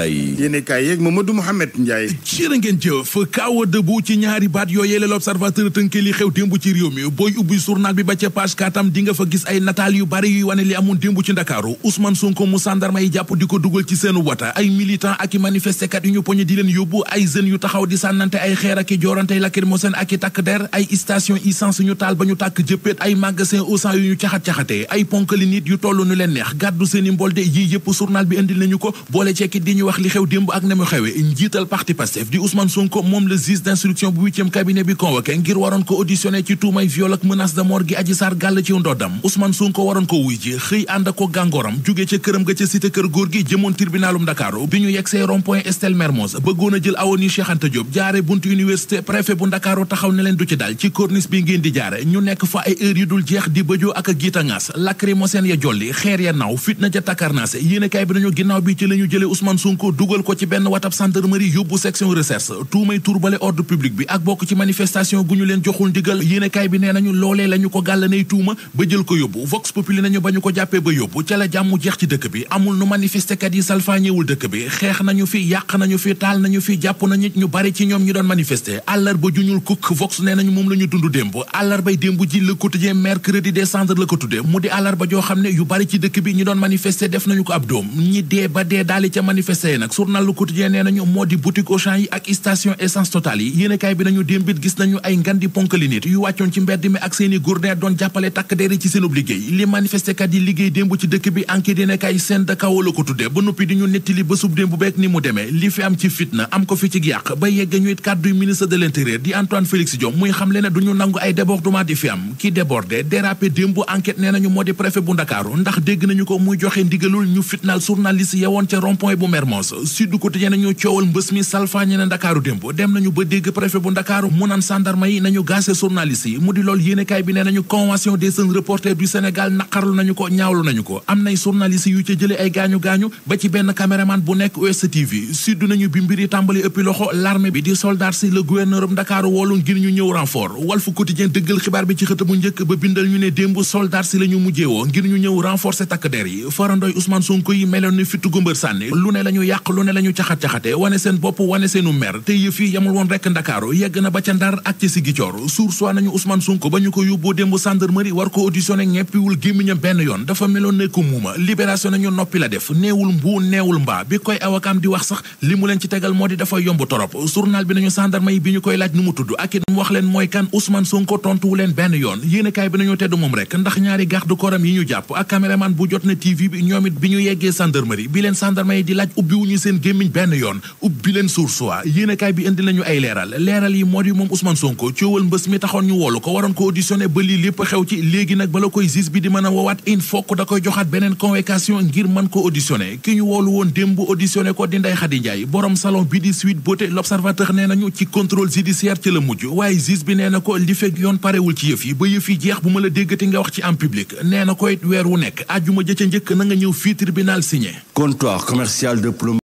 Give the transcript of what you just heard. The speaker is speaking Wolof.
yéene kaay yeeg Mamadou Mouhamed Ndiaye jërë ngeen jëf ci ñaari baat yooyee la l'observateur tënke xew démb ci réew mi booy ubbi journal bi ba ca page katam di fa gis ay nataal yu bari yuy wane li amoon démb ci ndakaaru Ousmane Sonko mu sàndarma yi jàpp di ko dugal ci seenu wata ay militant ak i manifestekat yu ñu di leen yóbbu ay jeunes yu taxaw di sànnante ay xeer ak i joorante lacrymogène ak i takk der ay station essence ñu taal ba ñu tàkk jëppéet ay magasin au ñuy wax li xew démb ak na mu njiital parti Pastef di Ousmane Sonko moom le juge d'instruction bu huitième cabinet bi convoqué ngir waroon ko auditionné ci tuumay viol ak de mort gi Adji Sarr gàll ci ndoddam Ousmane Sonko waroon ko wuy ji xëy ànd ak gàngooram jógee ca këram ga ca cité kër góor gi jëmoon tribunalum Ndakaaru bi ñu yegsee rond point Estelle Mermoz bëggoon jël awoon yi Cheikh jaare buntu université préfet bu Ndakaaru taxaw ne Sonko dugal ko ci benn watab gendarmerie yóbbu section recherche tuumay turbale ordre public bi ak bokk ci manifestation gu ñu leen joxul ndigal yéenekaay bi nee nañu loolee la ñu ko gàllanay tuuma ba jël ko yóbbu vox populi nañu ba ñu ko jàppee ba yóbbu ca la jàmm jeex ci dëkk bi amul nu manifestekat yi salfaañewul dëkk bi xeex nañu fi yàq nañu fi taal nañu fi jàpp nañu ñu bari ci ñoom ñu doon manifester àllarba juñul kukk vox nee nañu moom la ñu dund démb àllarbay ne yu bari ci dëkk bi essayé nag journal Le Quotidien nee nañu moo di boutique Auchan yi ak station essence Total yi yéenekaay bi nañu démbit gis nañu ay ngan di ponkali nit yu wàccoon ci mbedd mi ak seeni gourdin doon jàppale takk deri ci seenub liggéey li manifestekat yi liggéey démb ci dëkk bi enquête yéenekaay seen dakawoo la ko ba noppi di ñu netti li bésub démb beek ni mu demee li fi am ci fitna am ko fi ci yàq ba yegg ñu it kàdduy ministre de l'intérieur di Antoine Félix Diome muy xam le ndax dégg nañu ko muy joxe ndigalul ñu Mermoz Sud Quotidien nañu coowal mbës mi salfaañe na Ndakaaru démb dem nañu ba dégg préfet bu Ndakaaru mu naan yi nañu gaase journaliste yi mu di lool yéenekaay bi ne nañu convention des jeunes naqarlu nañu ko ñaawlu nañu ko am nay journaliste yu ca jële ay gaañu-gaañu ba ci benn caméraman bu nekk OSTV Sud nañu bi mbir yi tàmbali ëppi loxo l'armée bi di soldat si le gouverneur bu Ndakaaru woolu ngir ñu ñëw renfort Walf Quotidien dëggal xibaar bi ci ñu yàq lu ne la ñu caxat-caxate wane seen bopp wane seenu mer te yëf yamul woon rekk ndakaaru yegg na ba ca ndar ak ci Sigicoor sursoi nañu Ousmane Sonko ba ñu ko yóbboo démb gendarmerie war ko auditionné ñeppiwul gémmiñam benn yoon dafa meloon ne muuma libération nañu noppi la def neewul mbuu neewul mbaa bi koy awakaam di wax sax li mu leen ci tegal moo di dafa yomb torop journal bi nañu gendarme yi bi ñu koy laaj nu mu tudd ak it mu wax leen ubbiwuñu seen gémmiñ benn yoon ubbi leen source wa yéenekaay bi indi nañu ay leeral leeral yi moo di moom Ousmane Sonko coowal mbës mi taxoon ñu woolu ko waroon ko auditionné ba lii lépp xew ci léegi nag bala koy gis bi di mën a woowaat in fokk da koy joxaat beneen convocation ngir mën ko auditionné ki ñu woolu woon démb auditionné ko di Ndeye Khady Ndiaye borom salon bi di Sweet Beauté L'Observateur nee nañu ci contrôle judiciaire ci la mujj waaye gis bi nee na ko li fekk yoon parewul ci yëf ba yëf yi jeex bu ma la déggati nga wax ci en public nee na koy weer wu nekk àjjuma jëca njëkk na nga ñëw fii tribunal signé comptoir commercial diplôme